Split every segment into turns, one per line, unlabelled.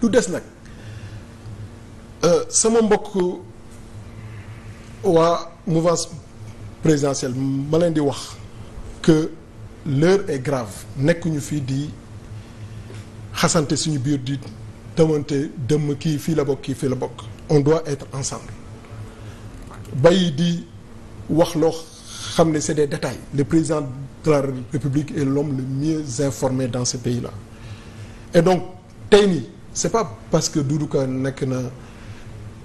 du des nag euh, sama mbokk waa mouvance présidentielle ma leen di wax que l'heure est grave nekkuñu fii di xasante suñu biir di demante dëmm kii fii la bokk kii fii la bokk on doit être ensemble bàyyi di wax loo xam ne c'est des détails le président de la République et l'homme le mieux informé dans ce pays-là et donc tey nii c'est pas parce que Doudou Ka nekk na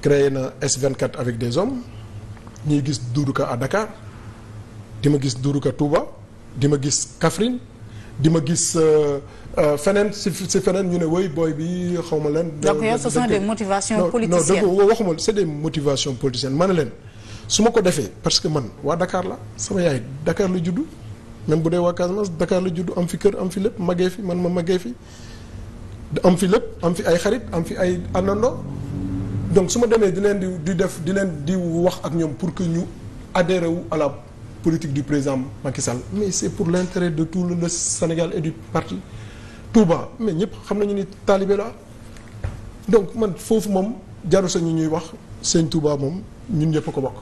créer na S24 avec des hommes ñuy gis Doudou Ka à Dakar di ma gis Doudou Ka di ma gis kafrin di ma gis euh, euh, feneen si si feneen ñu ne woy booy bi xaw ma leen. donc euh, yow ce sont des motivations politiciennes non non waxuma c'est des ma ne leen su ma ko defee parce que man waa Dakar la sama yaay dakaar la juddu même bu dee waa Casamance Dakar la juddu am fi kër am fi lépp màggee fi man ma maggee fi. am fi lépp am fi ay xarit am fi ay àndandoo donc su ma demee di leen di def di leen di wax ak ñoom pour que ñu adhéré wu à la politique du président Macky Sall mais c'est pour l'intérêt de tout le Sénégal et du parti Touba mais ñëpp xam nañu ni taalibe la donc man foofu moom jaru sañu ñuy wax sëñ Touba moom ñun ñëpp ko bokk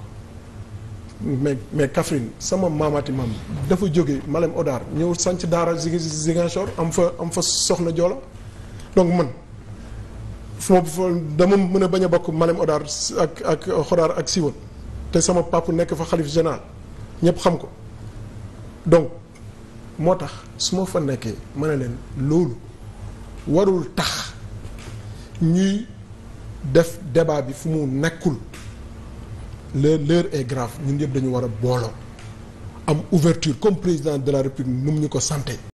mais mais Kaffrine sama maamaati maam dafa jóge Malem Odar ñëw sanc daara Ziguinchor am fa am fa soxna Joola donc man foo dama mën a bañ a bokk Malem Odar ak ak Xodaar ak Siwon te sama papa nekk fa xalif général ñëpp xam ko donc moo tax su ma fa nekkee ma ne leen loolu warul tax ñuy def débat bi fu mu nekkul le l'heure est grave ñun yëpp dañu war booloo am ouverture comme président de la république nu mu ñu ko santé